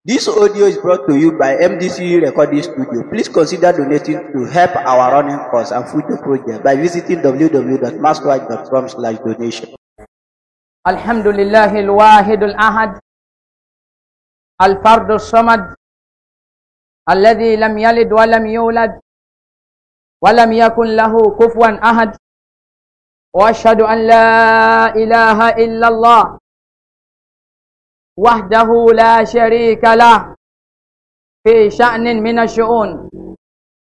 This audio is brought to you by MDCU Recording Studio. Please consider donating to help our running course and future project by visiting www.maskwatch.com slash donation. Alhamdulillah, لله الواحد الأحد الفرد الصمد الذي لم يلد ولم يولد ولم يكن له كفوا أحد وأشهد أن لا إله إلا الله وحده لا شريك له في شأن من الشؤون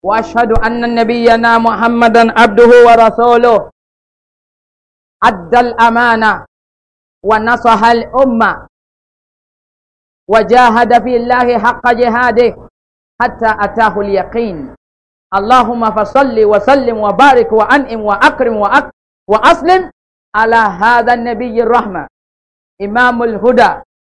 وأشهد أن نبينا محمدا عبده ورسوله أدى الأمانة ونصح الأمة وجاهد في الله حق جهاده حتى أتاه اليقين اللهم فصل وسلم وبارك وأنئم وأكرم وأك وأسلم على هذا النبي الرحمة إمام الهدى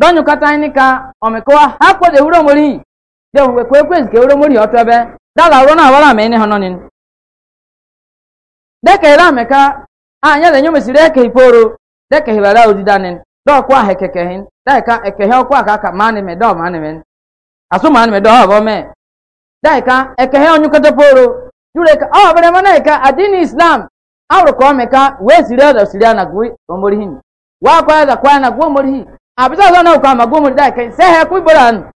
dɔnyu kata ni ka ɔmikowa ah, hakpɔ de wuro mori de wɔ kwe kwe zike wuro mori ɔtɔ bɛ dala wuro ni deke yi la mɛ ka a nyɛ de nyɔmisi de eke deke yi ba odi ni dɔw kɔ ahɛ ka eke hɛ kɔ aka ka maa ni mɛ dɔw maa ni da ka eke hɛ ɔnyu kata bɛrɛ mɛ ka oh, adi ni islam awuro kɔ mɛ ka siri hin ɛdɔ abisa zana uka magumu dai kai sehe kuiboran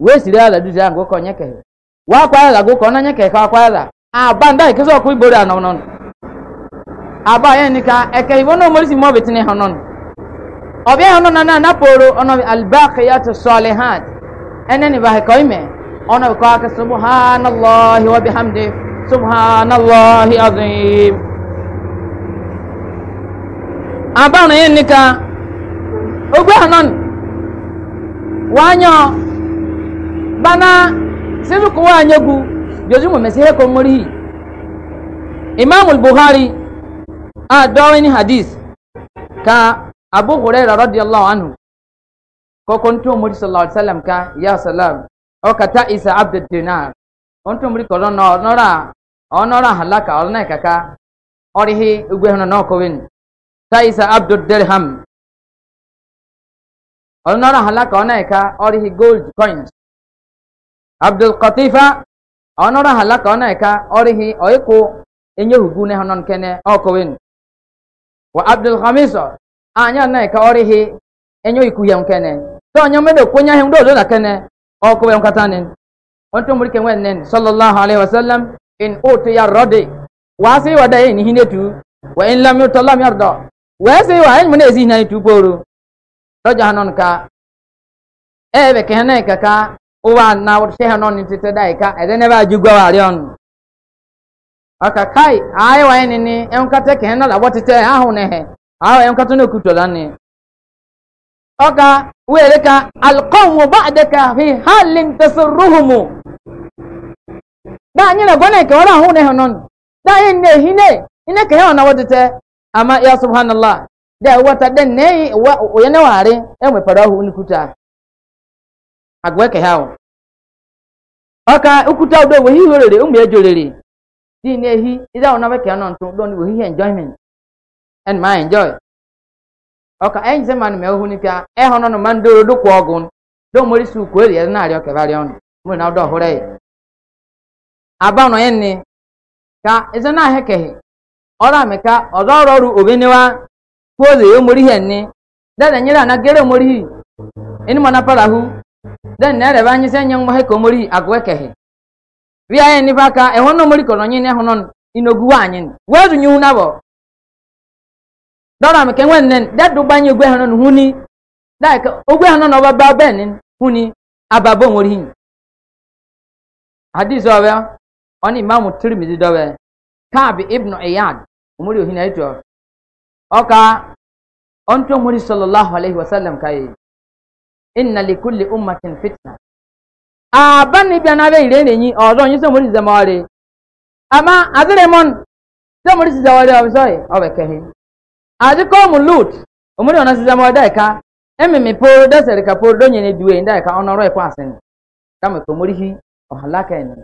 we sira la duja ngo ko nyeke wa kwa la go kona nyeke ka kwa la aba ndai kizo kuiboran no no aba ye nika eke ibono molisi mo betine hanon obe hanon na na poro ono al baqiyatu salihat eneni ba ko ime ono ko ka subhanallahi wa bihamdi subhanallahi azim aba no ye nika ogwe hanon wanyo bana sinu ko wanye gu jozu mo mesihe ko mori imam al-bukhari a dawini hadith ka abu hurairah radiyallahu anhu ko konto mori sallallahu alaihi wasallam ka ya salam o ka ta isa abdud dinar onto mori ko no nora onora halaka orna kaka orihi ogwe hanon no ko ta isa abdud dirham ọlọ́nà halaka ọ̀nà ẹ̀ka ọ̀rìhì gold coins abdul katifa ọ̀nà halaka ọ̀nà ẹ̀ka ọ̀rìhì ọ̀ẹ́kọ enyehugu ne hanon kene ọ̀kọ̀wé wa abdul hamiso anya ọ̀nà ẹ̀ka ọ̀rìhì enyo ikú yẹn kene tó ọ̀nyẹ́ mẹ́lẹ̀ kó nyẹ́ hẹ́m dóòló nà kene ọ̀kọ̀wé nkata ni wọ́n tó múri kẹ́wẹ́ nẹ́ni sallallahu alayhi wa sallam in otu ya rọ́dì wàá sí wàdà yẹn ní hinetu wà in lamu tọ́lámi ọ̀dọ̀ wẹ́ẹ́ sí wà ẹ̀yìn mú ní èsì hinan ètù kóró lọ́jà hanon ka ẹ̀ẹ́bẹ̀ kẹ́hẹ́ náà kàkà wà ná ṣé hanon ní títẹ́ dá ìka ẹ̀dẹ́ náà bá ju gbọ́ wà rí ọ̀nù. ọ̀kà káì ààyè wáyé ni ni ẹ̀hún kàtẹ́ kẹ́hẹ́ náà làwọ̀ títẹ́ ahùn nẹ̀hẹ̀ ààwọ̀ ẹ̀hún kàtẹ́ náà kùtọ̀ lánìí. ọ̀kà wéèrè ka alkọ́ọ̀mù bá àdẹ́ka fi hàlì tẹ̀sán rúhùmù. dáàyìn náà gbọ́n náà kẹ́wọ́n náà ahùn nẹ̀hẹ̀ náà dáàyìn náà da wata den ne wa yana ware en we fara hu nikuta agwe ke hawo aka ukuta do we hi horere umu ejorere di ne hi ida ona we ke ya do ni we hi enjoyment and my enjoy aka en se man me hu e hono no man do do ko ogun do mori su ko ri na ari o ke bari mo na do hore aba no ka ezena ora ọrụ obeniwa pose yo muri hene dada nyira na gere muri hi eni mana parahu den na re banyi senya ngwa he ko muri agwekehe bia ye ni baka e hono muri kono nyi ne e hono inogu wanyi wezu nyu na bo dora me kenwen nen dadu banyi ogwe hono huni dai ka ogwe hono no baba benin huni ababo muri hi hadith wa oni imam tirmidhi dawe kabi ibn iyad umuri ohina ọka ọntụ omori sallallahu alaihi wasallam ka yi inna li kulli ummatin fitna aba ni bia na be ire nenyi ọdọ onye sọmori zemọri ama adịrị mọn sọmori si zemọri ọ bụ bịsọghị ọ bekeghi adịkọ ụmụ lut omori ọ na-asị zemọri daika ememe poro desere ka poro donye ne duwe daika ọ nọrọ ekwe asịnị kama ka omori hi ọhalaka ene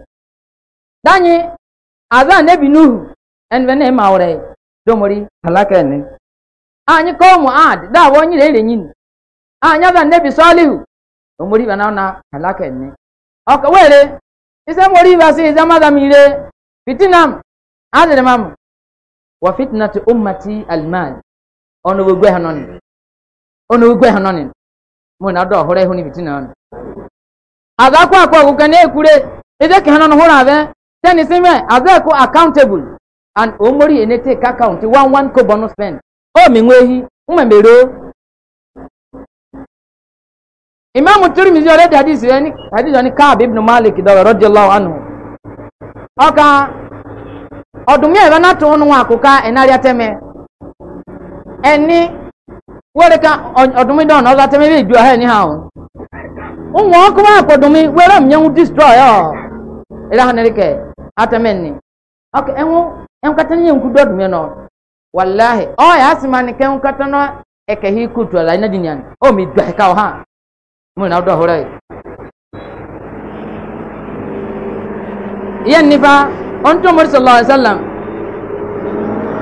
danyi azan nebi nuhu ẹnubẹ ne ma wọrẹ domori halaka ne anyi ko mu ad da wonyi le nyin anya ba nebi salihu domori bana na halaka ne were ise mori ba se zama da mire fitinam adere mam wa fitnatu ummati almal ono gwe hanon ono gwe hanon mo na do hore huni fitina azakwa kwa gukane kure ide and omori enete ka account one one ko bonus spend o mi nwehi mma mere o imam tirmizi ole da hadisi yani hadisi yani kaab ibn malik na to onu akuka ateme eni were ka odumi don oza teme be ju ha ni ha o unwo okuba were mnyanwu destroy enkata nye nkudo dume no wallahi o oh, ya asima ni ken kata no eke hi kutu ala ina dinyan o oh, mi dwa ka ha mu na do hore yan nifa onto mur sallallahu alaihi wasallam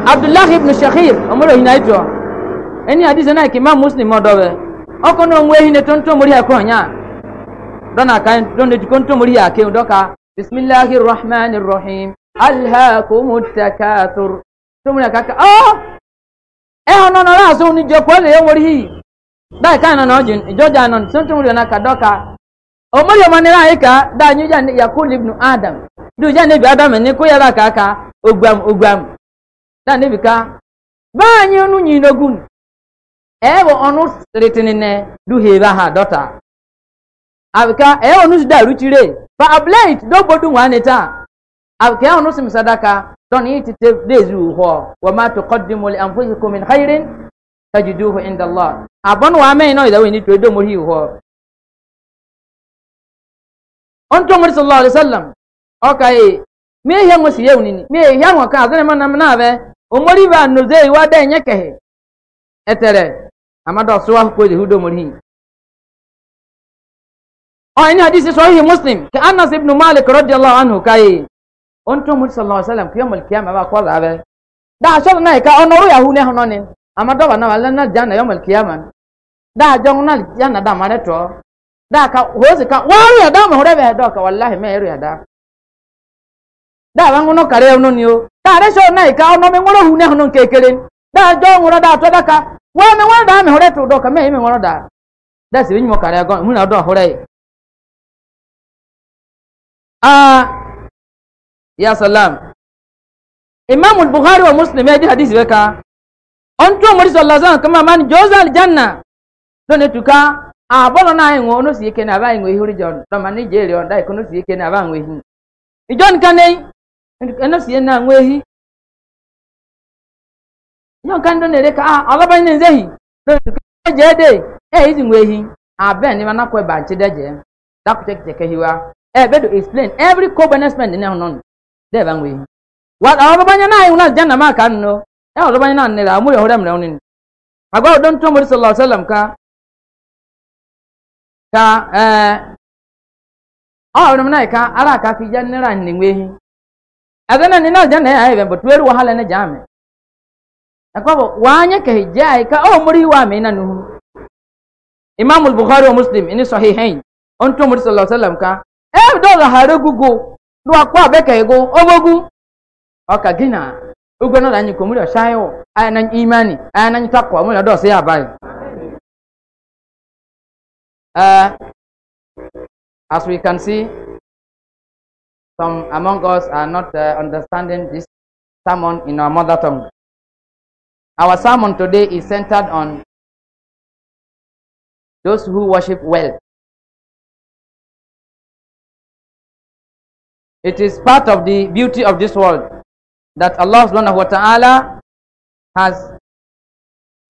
abdullah ibn shakhir umur hina ito eni adi na ke imam muslim odo be oko no nwe hine tonto muri akọ nya dona kan don de tonto muri ake doka bismillahir rahmanir rahim alhaakumu takathur tumuna kaka oh eh ono no la so ni je hi no jin no so tumuri na kadoka omuri o manira ika da nyu ja yakul ibn adam du ja ne bi adam ni ko yara kaka ogwam ogwam da bi ka ba anyi nu nyi nogun eh wo onu retini alkiyahu no sim sadaka don yi tete dezu hɔ wa ma tuqaddimu li anfusikum min khairin tajiduhu inda allah abon wa mai no idawe ni to do muri hɔ on to muri sallallahu alaihi wasallam okay me he ngo siye unini me he ngo ka azene man na be o muri ba no zei wa da nye kehe etere amado suwa ko de hudo muri Oh, ini hadis sahih Muslim. Ke Anas ibn Malik radhiyallahu anhu kai onto mu sallallahu alaihi wasallam kiyama alkiyama ba kwa zabe da shar na ka onoru ya hune hono ne amado ba na wala na jana yawmal kiyama da jong na jana da mare to da ka hozi ka waru ya da ma hore be do ka wallahi me eru ya da da ba ngono kare ono ni o da re shar na ka ono me ngoro hune hono kekere da jo ngoro da to da ka wa me wa da me hore to do ka me me ngoro da da si nyi mo kare go mu na do hore ah ya salam Imamu Buhari wa muslim ya ji hadisi weka on to nke sallallahu alaihi kama man joza don etuka a bono na yin ono si yake na ba yin ihuri jon don man ni jeri on dai si yake na ba yin ihi ijon ono si na ngwehi yon kan ka a alaba ni zehi e je de e izi ngwehi a ni manakwe ba dee ban wei ɔrɔ banya naa ihu na janna maa kan no ɛ ɔrɔ banya naa nira amuri ɔhura mìíràn ni agbawo don tó mori sallallahu alaihi wa sallam ka ka ɛɛ ɔrɔ mi naa ka ara ka fi janna nira ni wehi ɛdɛ na ni naa janna yɛ ayɛ bɛn bɔ tuwɛri wahala ne jaa mi ɛkɔbɔ waanyɛ kɛhɛ jaa yi ka ɔɔ mori waa mi na nuhu imaamu bukhari wa muslim ini sɔhi hɛn ɔn tó mori sallallahu alaihi wa sallam ka ɛɛ dɔw la hare gugu. ego ogogu ọka gị na nọ na anyị na na ya abalị uh, as we can see some among us are not uh, understanding this sermon in our mother tongue our sermon today is centered on those who worship well. It is part of the beauty of this world that Allah subhanahu wa ta'ala has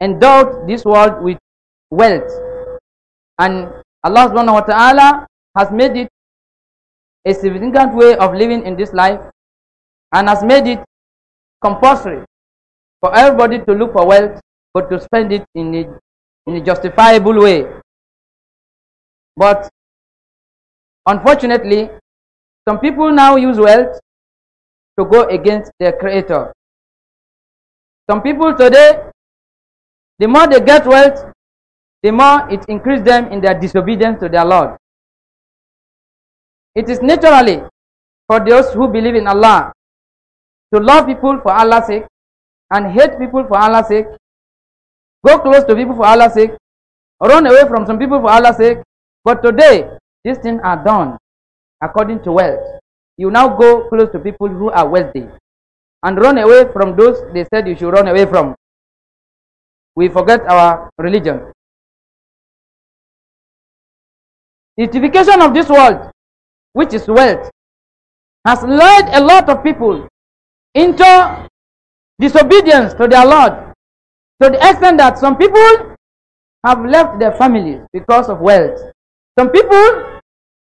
endowed this world with wealth. And Allah subhanahu wa ta'ala has made it a significant way of living in this life and has made it compulsory for everybody to look for wealth but to spend it in a, in a justifiable way. But unfortunately, some people now use wealth to go against their creator. Some people today, the more they get wealth, the more it increases them in their disobedience to their Lord. It is naturally for those who believe in Allah to love people for Allah's sake and hate people for Allah's sake, go close to people for Allah's sake, run away from some people for Allah's sake. But today, these things are done according to wealth. You now go close to people who are wealthy and run away from those they said you should run away from. We forget our religion. The Justification of this world, which is wealth, has led a lot of people into disobedience to their Lord to the extent that some people have left their families because of wealth. Some people,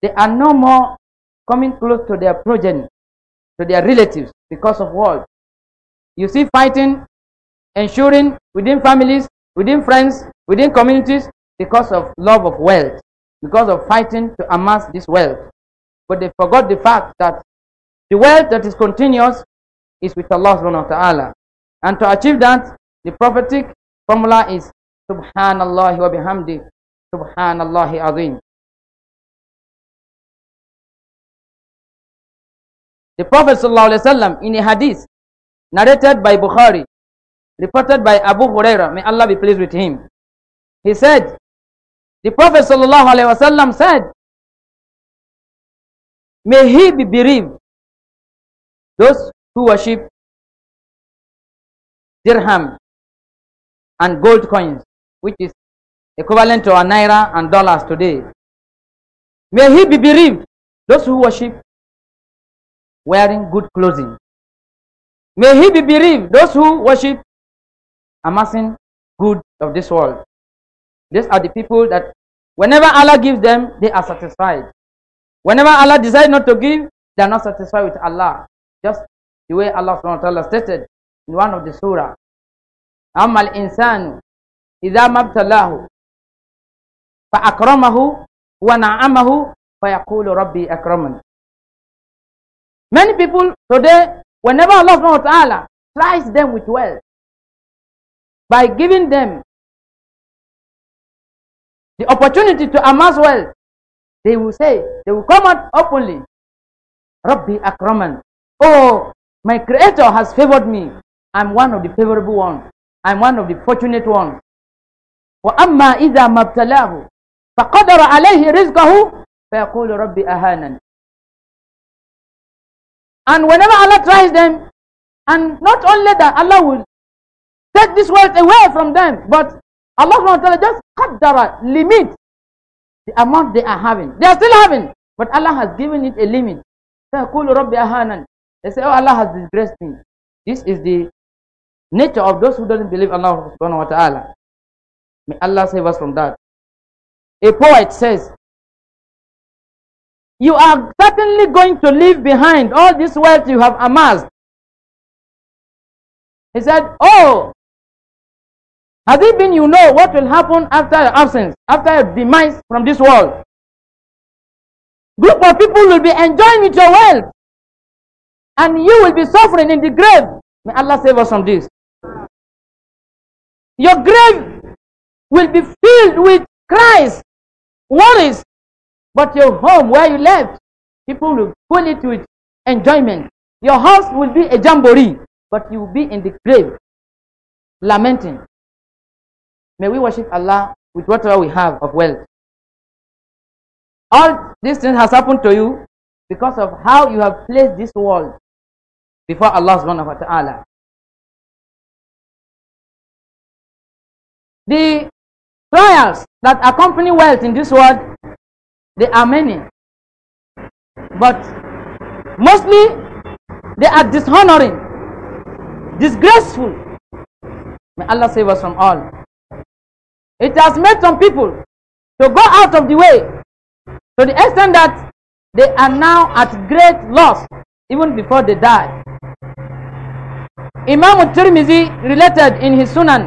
they are no more coming close to their progeny, to their relatives because of war. You see fighting ensuring within families, within friends, within communities because of love of wealth, because of fighting to amass this wealth. But they forgot the fact that the wealth that is continuous is with Allah subhanahu wa ta'ala. And to achieve that, the prophetic formula is Subhanallah wa bihamdi, Subhanallah azim. The Prophet ﷺ in a hadith narrated by Bukhari, reported by Abu Huraira, may Allah be pleased with him. He said, the Prophet ﷺ said, May he be bereaved those who worship dirham and gold coins, which is equivalent to a naira and dollars today. May he be bereaved those who worship wearing good clothing. May he be believed, those who worship amassing good of this world. These are the people that whenever Allah gives them, they are satisfied. Whenever Allah decides not to give, they are not satisfied with Allah. Just the way Allah SWT stated in one of the surah. أما الإنسان إذا ما wa naamahu, ونعمه فيقول rabbi أكرمن Many people today, whenever Allah subhanahu wa ta'ala tries them with wealth by giving them the opportunity to amass wealth, they will say, they will come out openly, Rabbi Akraman, oh, my creator has favored me. I'm one of the favorable ones. I'm one of the fortunate ones. وَأَمَّا إِذَا مَبْتَلَاهُ فَقَدَرَ عَلَيْهِ رِزْقَهُ فَيَقُولُ رَبِّ أَهَانًا and whenever Allah tries them, and not only that, Allah will take this wealth away from them, but Allah SWT just cut their limit the amount they are having. They are still having, but Allah has given it a limit. They say, Oh, Allah has disgraced me. This is the nature of those who don't believe Allah May Allah save us from that. A poet says, you are certainly going to leave behind all this wealth you have amassed. He said, Oh, has it been you know what will happen after your absence, after your demise from this world? Group of people will be enjoying with your wealth, and you will be suffering in the grave. May Allah save us from this. Your grave will be filled with Christ worries, but your home where you live, people will go into it enjoyment. Your house will be a jamboree, but you will be in the grave lamenting. May we worship Allah with whatever we have of wealth. All these things has happened to you because of how you have placed this world before Allah subhanahu wa ta'ala. The trials that accompany wealth in this world there are many. But mostly they are dishonoring, disgraceful. May Allah save us from all. It has made some people to go out of the way to the extent that they are now at great loss even before they die. Imam al-Tirmizi related in his Sunan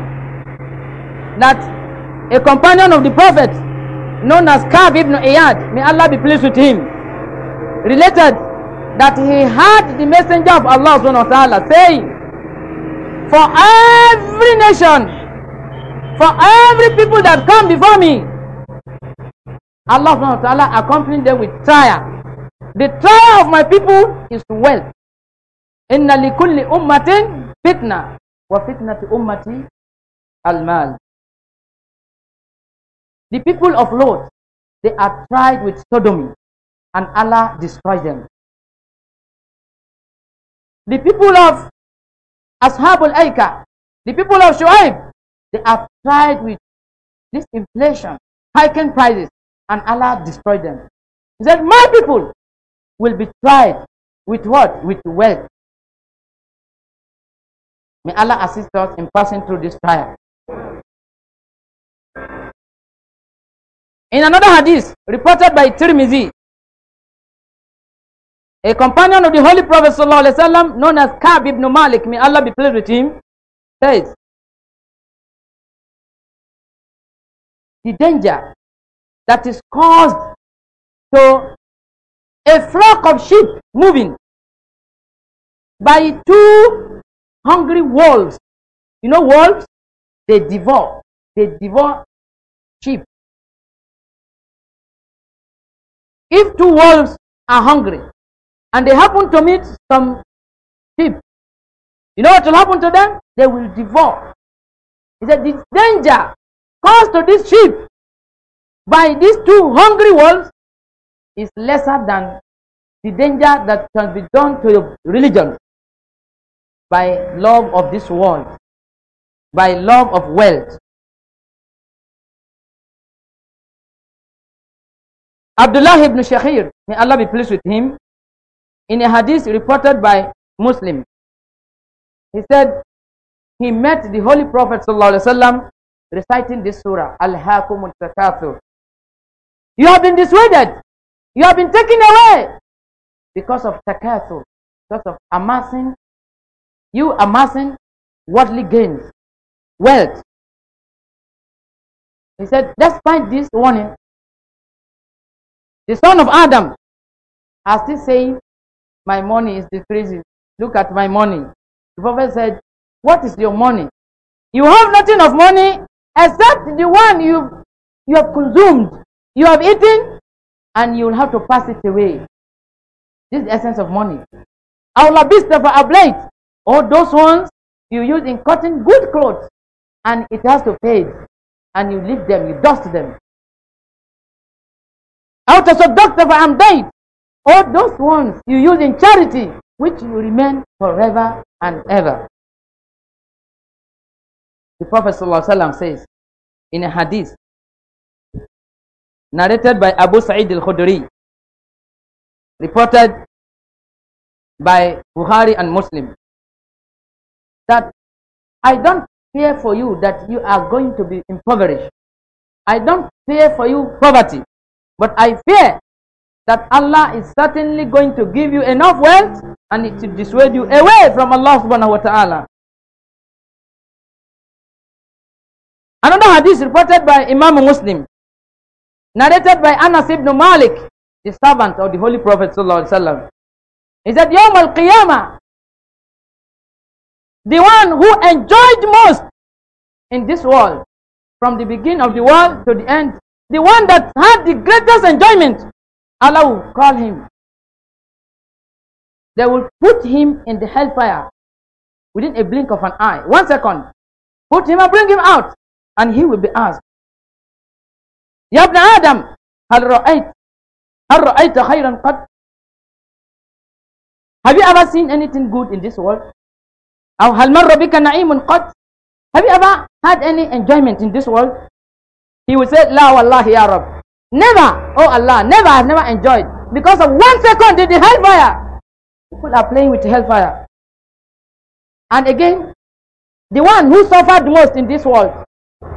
that a companion of the Prophet known as Kab ibn Iyad, may Allah be pleased with him, related that he heard the messenger of Allah subhanahu saying, For every nation, for every people that come before me, Allah subhanahu wa accompanied them with trial. The trial of my people is wealth. In li kulli ummatin fitna wa fitnati ummati al-mal. The people of Lot, they are tried with sodomy, and Allah destroys them. The people of Ashabul Aika, the people of Shu'aib, they are tried with this inflation, hiking prices, and Allah destroyed them. He said, My people will be tried with what? With wealth. May Allah assist us in passing through this trial. In another hadith reported by Tirmizi, a companion of the Holy Prophet وسلم, known as Ka'b ibn Malik, may Allah be pleased with him, says, The danger that is caused to a flock of sheep moving by two hungry wolves. You know, wolves, they devour, they devour sheep If two wolves are hungry and they happen to meet some sheep, you know what will happen to them? They will devour. He said, The danger caused to this sheep by these two hungry wolves is lesser than the danger that can be done to your religion by love of this world, by love of wealth, Abdullah ibn Shakhir, may Allah be pleased with him, in a hadith reported by Muslim, he said he met the Holy Prophet وسلم, reciting this surah, Al-Hakum al-Takathur. You have been dissuaded. You have been taken away because of takathur, because of amassing, you amassing worldly gains, wealth. He said, despite this warning, the son of Adam are still saying, My money is decreasing. Look at my money. The prophet said, What is your money? You have nothing of money except the one you, you have consumed, you have eaten, and you will have to pass it away. This is the essence of money. Aulabista for ablate. All those ones you use in cutting good clothes, and it has to fade, and you leave them, you dust them. Out of the doctor, I'm dead. All those ones you use in charity, which will remain forever and ever. The Prophet ﷺ says in a hadith narrated by Abu Sa'id al Khudri, reported by Bukhari and Muslim, that I don't fear for you that you are going to be impoverished. I don't fear for you poverty. But I fear that Allah is certainly going to give you enough wealth and it will dissuade you away from Allah subhanahu wa ta'ala. Another hadith reported by Imam Muslim, narrated by Anas ibn Malik, the servant of the Holy Prophet sallallahu alaihi wasallam. He said, Yawm al-Qiyamah, the one who enjoyed most in this world, from the beginning of the world to the end the one that had the greatest enjoyment, Allah will call him. They will put him in the hellfire within a blink of an eye. One second. Put him and bring him out, and he will be asked, Ya Ibn Adam, هل رأيت هل رأيت Have you ever seen anything good in this world? أو هل مر Have you ever had any enjoyment in this world? He will say, La wallahi he Arab." Never, oh Allah, never, I've never enjoyed. Because of one second in the hellfire. People are playing with hellfire. And again, the one who suffered most in this world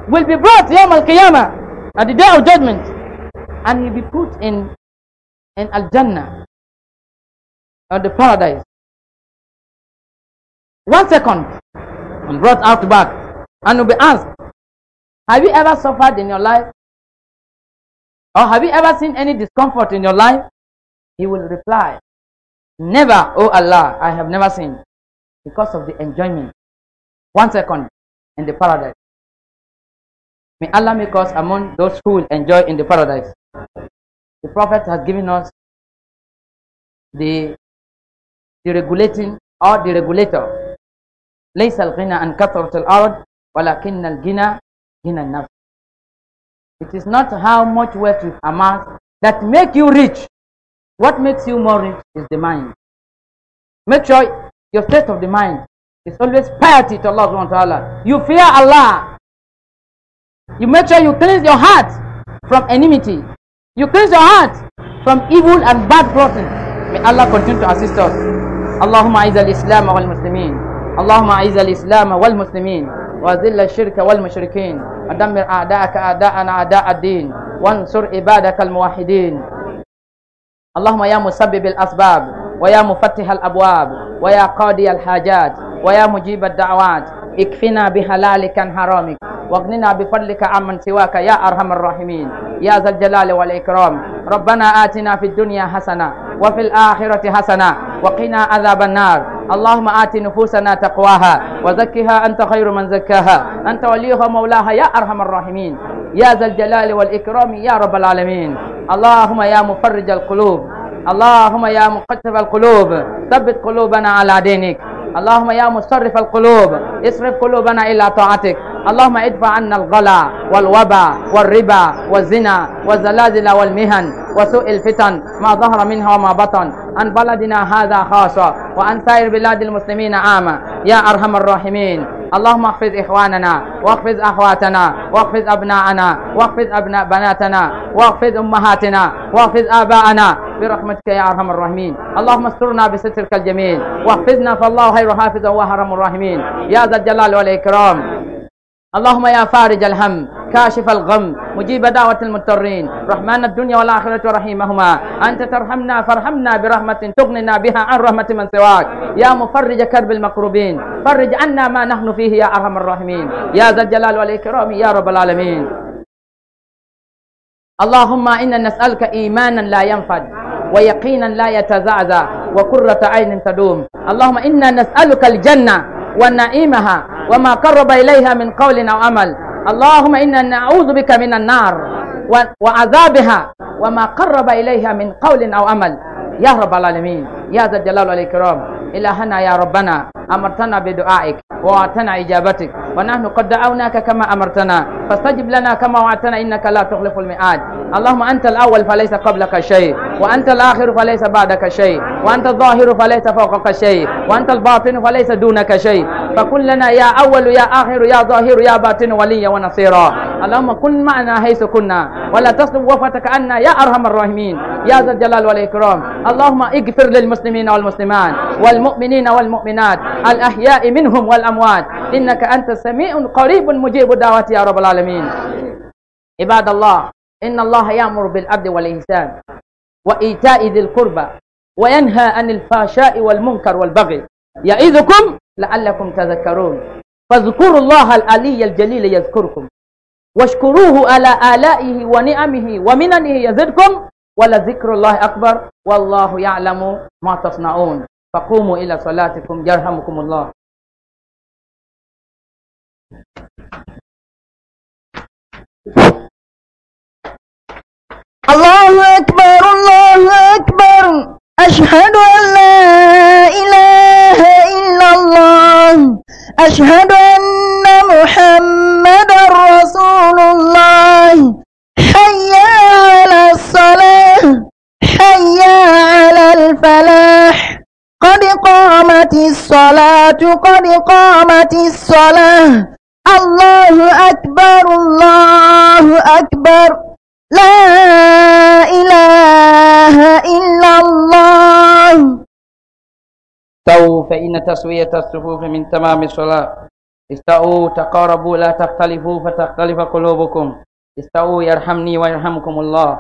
will be brought to Al Qiyamah at the day of judgment. And he'll be put in, in Al Jannah, or the paradise. One second, and brought out back. And will be asked, have you ever suffered in your life? Or have you ever seen any discomfort in your life? He will reply, Never, O Allah, I have never seen. Because of the enjoyment. One second in the paradise. May Allah make us among those who will enjoy in the paradise. The Prophet has given us the, the regulating or the regulator. ليس الغنى أن كثرة الأرض ولكن الغنى in It is not how much wealth you amass that make you rich. What makes you more rich is the mind. Make sure your state of the mind is always piety to Allah subhanahu wa ta'ala. You fear Allah. You make sure you cleanse your heart from enmity. You cleanse your heart from evil and bad plotting. May Allah continue to assist us. اللهم أعز الإسلام والمسلمين اللهم أعز الإسلام والمسلمين وأذل الشرك والمشركين ودمر أعداءك أعداءنا أعداء الدين وانصر عبادك الموحدين اللهم يا مسبب الأسباب ويا مفتح الأبواب ويا قاضي الحاجات ويا مجيب الدعوات اكفنا بحلالك عن حرامك واغننا بفضلك عمن سواك يا أرحم الراحمين يا ذا الجلال والإكرام ربنا آتنا في الدنيا حسنة وفي الآخرة حسنة وقنا عذاب النار اللهم آت نفوسنا تقواها وزكها أنت خير من زكاها أنت وليها مولاها يا أرحم الراحمين يا ذا الجلال والإكرام يا رب العالمين اللهم يا مفرج القلوب اللهم يا مقتف القلوب ثبت قلوبنا على دينك اللهم يا مصرف القلوب اصرف قلوبنا إلى طاعتك اللهم ادفع عنا الغلا والوبا والربا والزنا والزلازل والمهن وسوء الفتن ما ظهر منها وما بطن عن بلدنا هذا خاصة وعن سائر بلاد المسلمين عامة يا أرحم الراحمين اللهم احفظ إخواننا واحفظ أخواتنا واحفظ أبناءنا واحفظ أبناء بناتنا واحفظ أمهاتنا واحفظ آباءنا برحمتك يا أرحم الراحمين اللهم استرنا بسترك الجميل واحفظنا فالله خير حافظا وهرم الراحمين يا ذا الجلال والإكرام اللهم يا فارج الهم كاشف الغم مجيب دعوة المضطرين رحمن الدنيا والآخرة ورحيمهما أنت ترحمنا فارحمنا برحمة تغننا بها عن رحمة من سواك يا مفرج كرب المكروبين فرج عنا ما نحن فيه يا أرحم الراحمين يا ذا الجلال والإكرام يا رب العالمين اللهم إنا نسألك إيمانا لا ينفد ويقينا لا يتزعزع وقرة عين تدوم اللهم إنا نسألك الجنة ونعيمها وما قرب إليها من قول أو عمل اللهم إنا نعوذ بك من النار وعذابها وما قرب إليها من قول أو عمل يا رب العالمين يا ذا الجلال والإكرام إلهنا يا ربنا أمرتنا بدعائك ووعدتنا إجابتك ونحن قد دعوناك كما أمرتنا فاستجب لنا كما وعدتنا إنك لا تخلف الميعاد اللهم أنت الأول فليس قبلك شيء وأنت الآخر فليس بعدك شيء وأنت الظاهر فليس فوقك شيء وأنت الباطن فليس دونك شيء فكن لنا يا أول يا آخر يا ظاهر يا باطن وليا ونصيرا اللهم كن معنا حيث كنا ولا تصرف وفاتك عنا يا أرحم الراحمين يا ذا الجلال والإكرام اللهم اغفر للمسلمين والمسلمات والمؤمنين والمؤمنات الأحياء منهم والأموات إنك أنت سميع قريب مجيب الدعوات يا رب العالمين عباد الله إن الله يأمر بالعدل والإحسان وإيتاء ذي القربى وينهى عن الفحشاء والمنكر والبغي يعظكم لعلكم تذكرون فاذكروا الله العلي الجليل يذكركم واشكروه على آلائه ونعمه ومننه يزدكم ولذكر الله أكبر والله يعلم ما تصنعون فقوموا إلى صلاتكم يرحمكم الله الله أكبر الله أكبر أشهد أن لا إله إلا الله أشهد أن تسوية الصفوف من تمام الصلاة استووا تقاربوا لا تختلفوا فتختلف قلوبكم استووا يرحمني ويرحمكم الله